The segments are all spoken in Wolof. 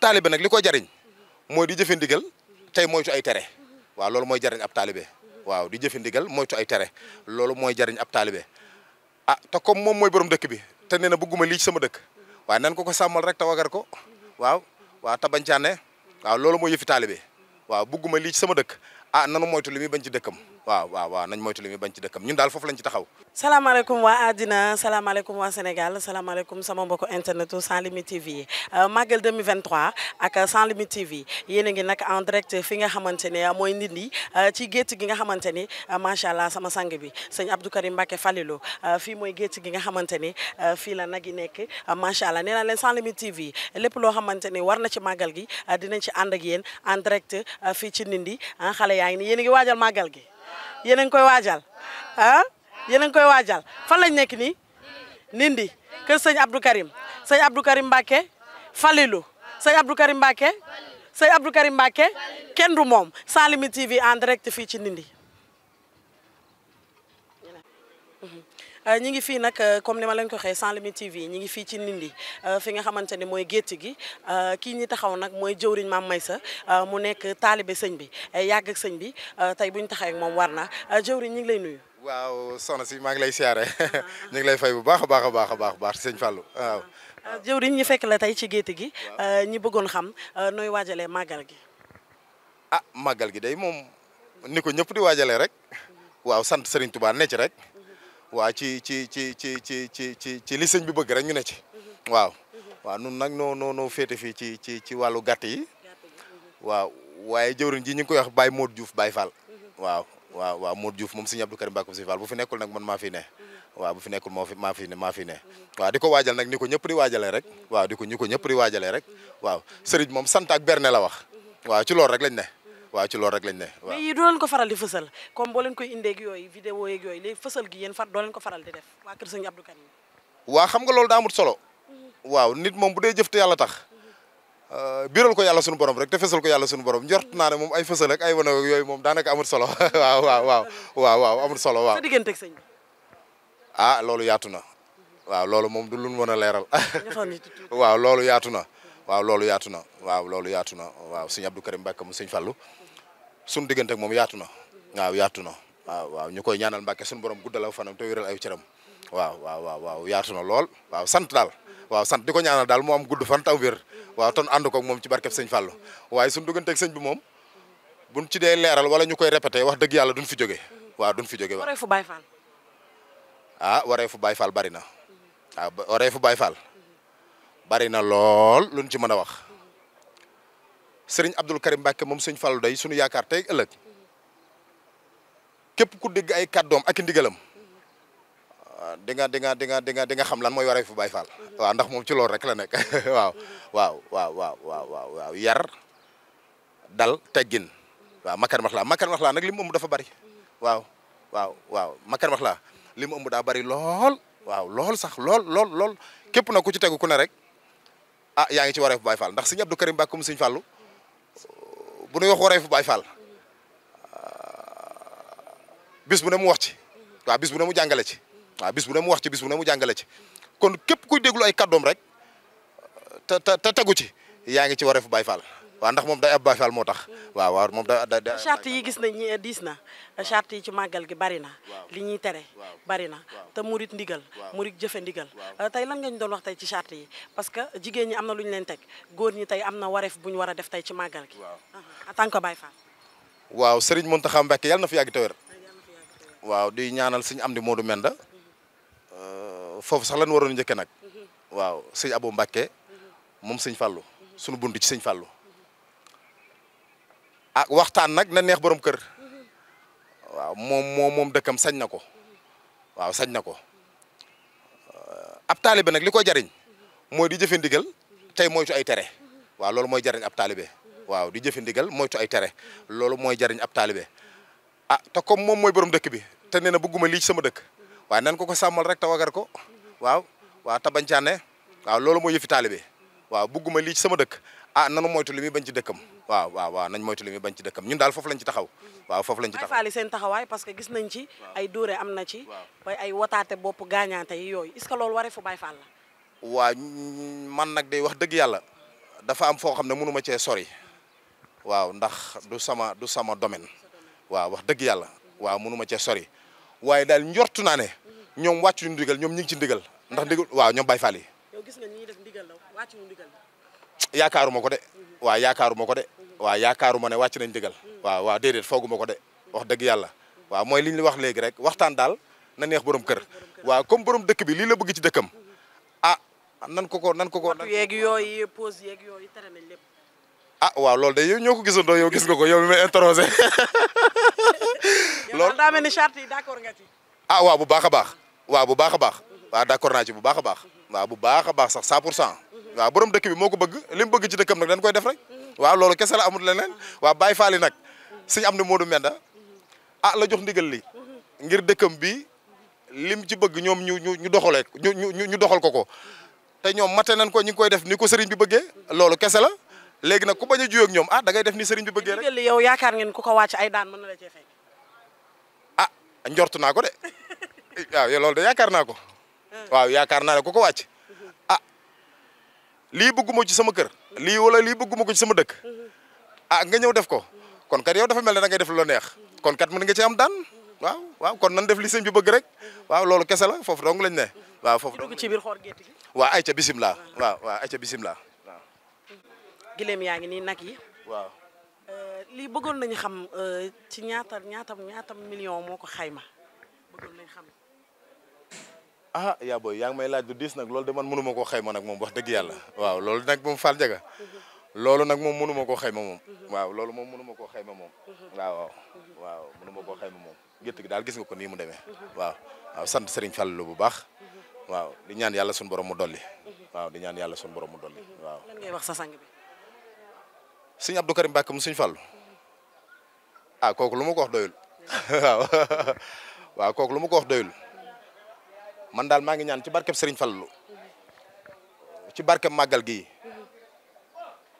taalibe nag li ko jariñ mooy di jëfe ndigal tey moytu ay tere waaw loolu mooy jariñ ab taalibe waaw di jëfe ndigal moytu ay tere loolu mooy jariñ ab taalibe ah te comme moom mooy borom dëkk bi te nee na bëgguma lii ci sama dëkk waaye nan ko ko sàmmal rek te wagar ko waaw waaw te bañ caa ne waaw loolu mooy yëfi taalibe waaw bëgguma lii ci sama dëkk a ah, nanu moytu li muy bañ ci dëkkam waaw waaw waaw nañ moytu li muy bañ ci dëkkam ñun daal foofu lañ ci taxaw salaamaaleykum waa àddina salaamaaleykum waa Sénégal salaamaaleykum sama mbokku internet sans limite TV yi euh, Magal 2023 ak sans limite TV yéen a ngi nag en direct fi nga xamante ne euh, mooy nit ñi euh, ci gétt gi nga xamante ni macha allah sama sang bi sëñ Abdou Karim Mbacké Falilou fii mooy gétt gi nga xamante ni fii la nag yi nekk macha allah nee naa leen sans limite TV lépp loo xamante ni war na ci màggal gi dinañ ci ànd ak yéen en direct fii ci nit ñi ah, xale yaa ngi ni yéen a ngi waajal màggal gi yéen a koy waajal ah yéen a koy waajal fan lañ nekk nii nindi kër sëñ Abdou Karim sëñ Abdou Karim Mbacke Falilou sëñ Abdou Karim Mbacke sëñ Abdou Mbacke kenn du moom Sans Limites TV en direct fii ci nindi Euh, ñi ngi fii nag euh, comme ni ma leen ko waxee Sans Limites TV ñi ngi fii ci Ndindy euh, fi nga xamante ni mooy gétt gi kii ñi taxaw nag mooy jëwriñ may sax mu nekk taalibe sëñ bi ay yàgg sëñ bi tey bu ñu taxee moom war na jëwriñ ñi ngi lay nuyu. waaw soxna si maa lay siyaare ah. ñu lay fay bu baax baax a baax a baax baax sëñ Fallou ah. jëwriñ ñi fekk la tey ci gétt gi ñi bëggoon xam nooy waajalee màggal gi. ah màggal gi day moom ni ko ñëpp di waajalee rek waaw sant Serigne Touba ne ci rek. waa ci ci ci ci ci ci ci ci li sëñ bi bëgg rek ñu ne ci mhm. waaw mhm. waaw nun nag noo noo noo fii ci ci ci wàllu gàtt yi mhm. waaw waaye jëwriñ ji ñu koy wax Baye Modou Diouf Baye Fall waaw waaw waaw Modou Diouf moom sëñ Abdou Karim Mbacké Fall bu fi nekkul nag man maa fi ne waaw bu fi nekkul moo fi maa fi ne maa fi ne waaw di ko nag ni ko ñëpp di waajalee rek waaw di ko ñu ko ñëpp di waajalee rek waaw sëriñ moom sant ak berne la wax waaw ci loolu rek lañ ne waaw ci loolu rek lañ ne waaw mais yi ko faral di fësal comme boo leen koy indee ak yooyu vidéo yeeg yooyu léegi fësal gi yéen far doo leen ko faral di def waa kër sëñ Abdou Karim xam nga loolu daa amut solo mm-hmm. waaw nit moom bu dee jëf te yàlla tax mm-hmm. euh, biral ko yàlla suñu borom rek te ko yàlla suñu borom njort naane ne moom ay fësal ak ay wane yooy yooyu moom daanaka amut solo waaw waaw waaw waaw waaw amut solo waaw sa diggante teg sëñ ah loolu yaatu na mm-hmm. waaw loolu moom du lu mën a leeral waaw loolu yaatu na waaw loolu yaatu na waaw loolu yaatu na waaw sëñ Abdou Karim Mbacke mu sëñ Fallou sunu diggante moom yaatu na waaw yaatu na waaw waaw ñu koy ñaanal Mbacke sunu borom guddalaw fanam te wéral ay cëram waaw waaw yaatu na lool waaw sant daal waaw sant di ko ñaanal daal moom gudd fan taw wér waaw ton ànd koog moom ci barkeb sëñ Fallou waaye sunu diggante ak sëñ bi moom buñ ci dee leeral wala ñu koy répété wax dëgg yàlla duñ fi jóge waaw duñ fi jóge wareefu Baye Fall ah wareefu Baye Fall bari na waaw ah, wareefu Baye Fall bari na lool luñ ci mën a wax sëriñ Abdul Karim Mbàkke moom sëñ Fallou day suñu yaakaar tey ëllëg képp ku dégg ay kàddoom ak i ndigalam ah, di nga xam lan mooy waree fu Baay Faal waaw ndax moom ci loolu rek la nekk waaw waaw waaw waaw dal teggin waaw makar max laa makar max laa nag li mu dafa bari waaw waaw waaw makar daa bari lool waaw lool sax lool lool lool képp na ku ci tegu ku rek ah yaa ngi ci waree wareefu Baye Fall ndax si Abdou Karim Mbacke mu sëñ Fallu bu nuy wax fu Baye Fall ah, bis bu ne mu wax ci waa bis bu ne mu jàngale ci waaw bis bu ne mu wax ci bis bu ne mu jàngale ci kon képp kuy déglu ay kàddoom rek te te te tegu ci yaa ngi ci wareefu Baye Fall. waaw ndax moom day ab bayfal moo tax mm. waaw waaw moom da charte yi gis nañ eh, diis na charte yi ci màggal gi bari na li ñuy tere bari na te murit ndigal murit jëfe ndigal eh, tey lan nga doon wax tey ci charte yi parce que jigéen ñi am na lu ñu leen teg góor ñi tey am na wareef bu ñu war a def tey ci màggal gi ah, en tant que bayfal waaw Serigne Mountakha Mbacké yal na fi yàgg te wér waaw di ñaanal suñu am di Modou Menda mm-hmm. eh, foofu sax lan waroon njëkke nag mm-hmm. waaw sëñ Abou Mbacké mm-hmm. moom sëñ Fallou sunu bunt ci sëñ Fallou a waxtaan nag na neex borom kër waaw moom moom moom dëkkam sañ na ko waaw sañ na ko ab taalibe nag li koy jariñ mooy di jëfe ndigal tey moytu ay tere waaw loolu mooy jariñ ab taalibe waaw di jëfe ndigal moytu ay tere loolu mooy jariñ ab taalibe ah te comme moom mooy borom dëkk bi te nee na bëgguma lii ci sama dëkk waaye nan ko ko sàmmal rek te wagar ko waaw waaw tabañcaane waaw loolu mooy yëfi taalibe waaw bëgguma lii ci sama dëkk ah nanu moytu li muy bañ ci dëkkam waaw waaw waaw nañ moytu li muy bañ ci dëkkam ñun daal foofu lañ ci taxaw waaw foofu lañ ci taxaw faali seen taxawaay parce que gis nañ ci ay dóore am na ci bay ay wataate bopp gaañaate yi yooyu est-ce que loolu waree fu Baay Faal la waaw man nag day wax dëgg yàlla dafa am foo xam ne mënuma cee sori waaw ndax du sama du sama domaine waaw wax dëgg yàlla waaw mënuma cee sori waaye daal njortu naa ne ñoom wàccuñu ndigal ñoom ñu ngi ci ndigal ndax ndigal waaw ñoom yaakaaruma ko de waaw yaakaaruma ko de waaw yaakaaruma ne wàcc nañ dëggal waaw waaw fooguma ko de wax dëgg yàlla waa mooy li ñu wax léegi rek waxtaan daal na neex borom kër waa comme borom dëkk bi lii la bëgg ci dëkkam ah nan ko ko nan ko ko. yeeg yooyu pause yeeg yooyu tere nañ lépp. ah waaw loolu de yow ñoo ko gisandoo yow gis nga ko yow mi may interrogé. loolu daa mel ni charte yi d'accord nga ci. ah bu baax a baax waa bu baax a baax waa d'accord naa ci bu baax a baax waaw bu baax a baax sax 100 pour cent waaw borom dëkk bi moo ko bëgg lim bëgg ci dëkkam nag dañ koy def rek waaw loolu kese la amul leneen waaw Baye Fall yi nag suñu am na Modou Menda ah la jox ndigal li ngir dëkkam bi lim ci bëgg ñoom ñu ñu ñu doxalee ñu ñu ñu doxal ko ko te ñoom mate nañ ko ñu ngi koy def ni ko sëriñ bi bëggee loolu kese la léegi nag ku bañ a juyoo ñoom ah da def ni sëriñ bi bëggee rek. li yow yaakaar ngeen ku ko wàcc ay daan mën na la cee fekk ah njortu naa ko de eh, waaw loolu de yaakaar naa ko ah. waaw yaakaar naa ne ku ko wàcc lii bëgguma ci sama kër lii wala lii bëgguma ko ci sama dëkk ah nga ñëw def ko kon kat yow dafa mel ne da ngay def lu neex kon kat mën nga ci am daan waaw waaw kon nan def li sëñ bi bëgg rek waaw loolu kese la foofu dong lañ ne waaw foofu dong ci biir xoor gétt gi waaw ayca bisimilah waaw waaw ayca bisimilah yaa ngi ni nag yi waaw euh, bëggoon nañu xam euh, ci ñaata ñaatam million moo ko xayma bëggoon nañu ah yaabo booy yaa ngi may laaj du diis nag loolu de man mënu ma koo xayma nag moom wax dëgg yàlla waaw loolu nag moom Fall Jaga loolu nag moom mënu ma koo xayma moom waaw loolu moom mënu ma koo xayma moom waaw waaw waaw mënu ma koo xayma moom gétt gi daal gis nga ko nii mu demee waaw sant Serigne Fall lu bu baax waaw di ñaan yàlla suñu borom mu dolli waaw di ñaan yàlla suñu borom mu dolli waaw lan ngay wax sa sang bi sëñ mu sëñ Fall ah kooku lu ma ko wax doyul waaw waaw lu ma ko wax doyul man daal maa ngi ñaan ci barkeb Serigne Fallou ci barkeb màggal gi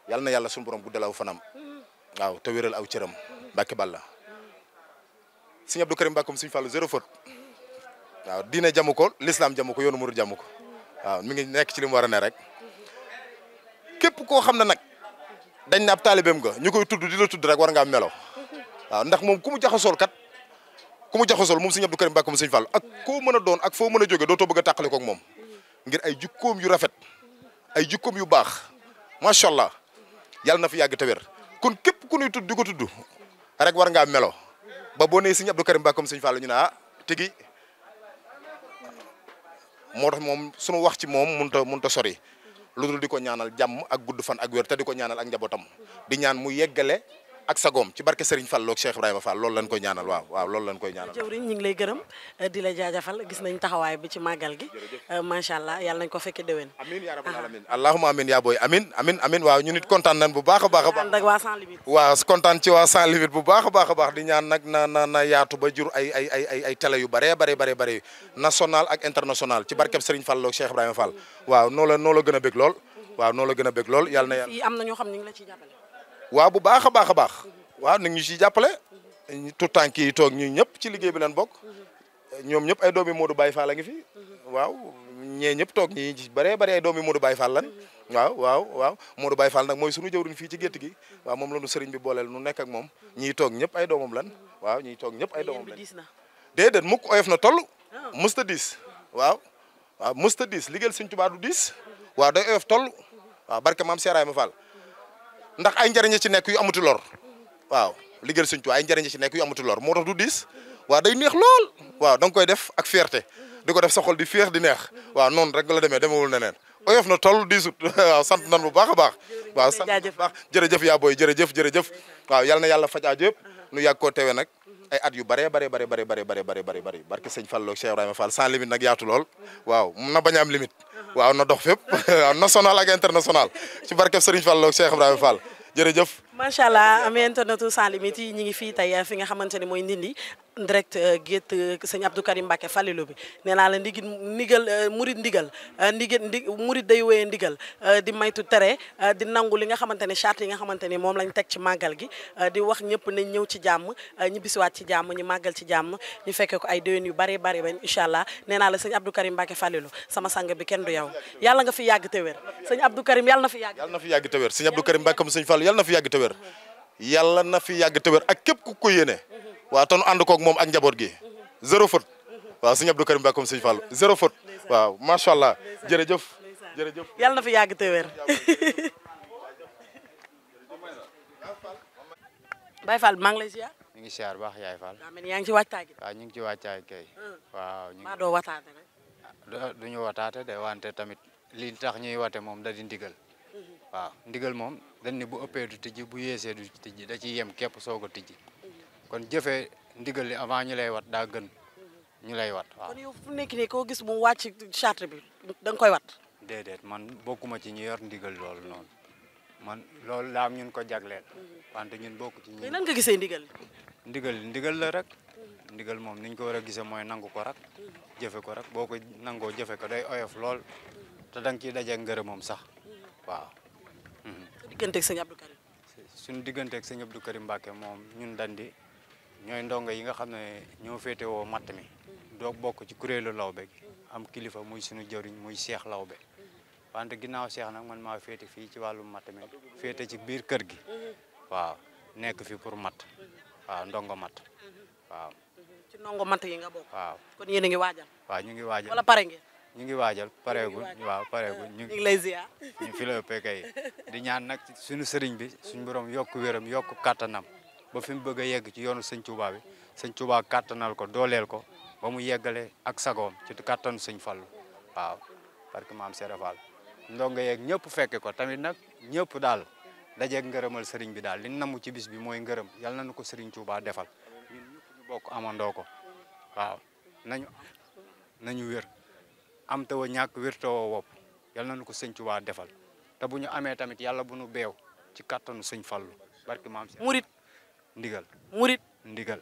yal na yàlla suñu borom guddal aw fanam waaw te wéral aw cëram Mbàkke Balla Serigne Abdou Karim Mbàkkum Serigne Fallou zéro faute waaw diine jamu ko l'islam jamu ko yoonu murid jamu ko waaw mi nekk ci lim mu war ne rek képp koo xam ne nag dañ na ab taalibeem nga ñu koy tudd di la tudd rek war am melo waaw ndax moom ku mu jaxasool kat ku mu jaxasoo moom sëñ Abdou Karim Mbacke moom sëñ Fall ak koo mën a doon ak foo mën a jóge dootoo bëgg a tàqale koog moom ngir ay jukkoom yu rafet ay jukkoom yu baax macha allah yàlla na fi yàgg te wér kon képp ku nuy tudd di ko tudd rek war ngaa melo ba boo nee sëñ Abdou Karim Mbacke moom sëñ Fall ñu ne ah tigi moo tax moom sunu wax ci moom mënut a mënut a sori lu dul di ko ñaanal jàmm ak gudd fan ak wér te di ko ñaanal a njabootam di ñaan mu yeggale. ak sagoom ci barke Serigne Fall ak Cheikh Ibrahima Fall loolu lañ koy ñaanal waaw waaw loolu lañ koy a baax a baax ak waa sans limite waaw kontaan a a na na na yaatu ba jur ay la noo la gën a bëgg lool waaw noo la gën a bëgg lool yàlla na yàlla waaw bu baax a baax a baax waaw nag ñu ciy jàppale tout tànk yi toog ñu ñëpp ci liggéey bi leen bokk ñoom ñëpp ay doomi moodu baay Fall la ngi fi waaw ñee ñëpp toog ñi ci bëree bëri ay doomi Modou Baye Fall lan waaw waaw waaw Modou Baye nag mooy sunu jëwriñ fii ci gétt gi waaw moom la nu sëriñ bi booleel nu nekk ak moom ñiy toog ñëpp ay doomom lan waaw ñiy toog ñëpp ay doomam lan déedéet mukk oyof na toll ah. musta diis waaw waaw musta diis liggéeyal Sëriñ Tuubaa du diis waaw day oyof toll waaw barke maam ndax ay njëriñ ci nekk yu amatu lor waaw liggéeyal Sëñ Tuubaa ay njëriñ ci nekk yu amatu lor moo tax du diis waaw day neex lool waaw da nga koy def ak fierté di ko def sa di féex di neex waaw noonu rek la demee demewul neneen oyof na toll diisut waaw sant nan bu baax a baax waaw sant bu baax jërëjëf yaa booy jërëjëf jërëjëf waaw yal na yàlla faj aaj yëpp nu yàgg koo tewe nag ay at yu bare bare bare bare bare bare bare bare bare barke sëñ Fallou Cheikh Ibrahima Fall sans limite nag yaatu lool waaw na bañ a am limite waaw na dox fépp waaw national ak international ci barke sëriñ Fallou Cheikh Ibrahima Fall jërëjëf macha allah am internetu sans limite yi ñi ngi fii tey fi nga xamante ne mooy Ndindi direct euh, gétt euh, sëñ Abdou Karim Mbacke Falilou bi nee naa la ndigit ndigal euh, murid ndigal ndigit ndi murid day wéyee ndigal di maytu tere di nangu li nga xamante ne charte yi nga xamante ni moom lañ teg ci màggal gi di wax ñëpp nañ ñëw ci jàmm ñu bisiwaat ci jàmm ñu màggal ci jàmm ñu fekkee ko ay déwén yu bari bari bañ incha allah nee naa la sëñ Abdou Karim Mbacke Falilou sama sang bi kenn du yow yàlla nga fi yàgg te wér sëñ Abdou Karim yàlla na fi yàgg yàlla na fi yàgg te wér sëñ Abdou Karim Mbacke sëñ yàlla na fi yàgg te wér képp ku waa te nu ànd moom ak njaboot gi zéro faute waaw sëñ Abdou Karim Ba comme sëñ Fallou zéro faute waaw macha allah jërëjëf jërëjëf. yàlla na fi yàgg te wér. Baye Fall maa ngi lay ziar. ñu ngi ziar baax yaay Fall. daa mel ni yaa ngi ci wàccaay waaw ñu ngi ci wàccaay kay. Hmm. waaw ñu ngi maa doo wataate rek. Ah, du ñu de wante tamit li tax ñuy wate moom da di ndigal. Hmm. waaw ndigal moom dañ ne bu ëppee du tijji bu yeesee du tijji da ciy yem kepp soog a tijji. kon jëfee ndigal li avant ñu lay wat daa gën ñu lay wat waaw. kon yow fu nekk nii koo gis mu wàcc charte bi da nga koy wat. déedéet man bokkuma ci ñu yor ndigal lool noon man loolu laam ñun ko jagleel. Mhm. wante ñun bokk ci ñi. gisee ndigal. ndigal ndigal la rek. Mhm. ndigal moom niñ ko war a gisee mooy nangu ko rek. Mhm. jëfe ko rek boo ko nangoo jëfe ko day oyof lool te da nga ciy daje moom sax waaw. su digganteeg sëñ Abdou Karim. suñu digganteeg sëñ Abdou Karim Mbacke moom ñun dandi ñooy ndongo yi nga xam ne ñoo féetewoo matt mi doo bokk ci kuréelu lawbe gi am kilifa muy sunu jëriñ muy seex lawbe wante ginnaaw seex nag man maa féete fii ci wàllum matt mi féete ci biir kër gi waaw nekk fi pour matt waaw ndongo matt waaw. ci ndongo yi nga ngi waajal. waaw ñu ngi waajal wala pare ngeen. ñu ngi waajal pareegul waaw pareegul ñu ngi fi la ëppee kay di ñaan nag suñu sëriñ bi suñu borom yokk wéram yokk kattanam. ba fi mu bëgg a yegg ci yoonu sëñ Touba bi ko dooleel ko ba mu yeggale ak sagoom ci kàttanu sëñ Fallu waaw parce que maam Serap Fall ndongo yeeg ñëpp fekke ko tamit nag ñëpp daal dajeeg ngërëmal sëriñ bi daal li namu ci bis bi mooy ngërëm yal na nu ko sëriñ Touba defal ñun amandoo ko waaw wér am ñàkk wér taw a ko sëñ defal te bu ñu amee tamit yàlla bu nu beew ci kàttanu sëñ Fallu barki maam Serap. ndigal murit ndigal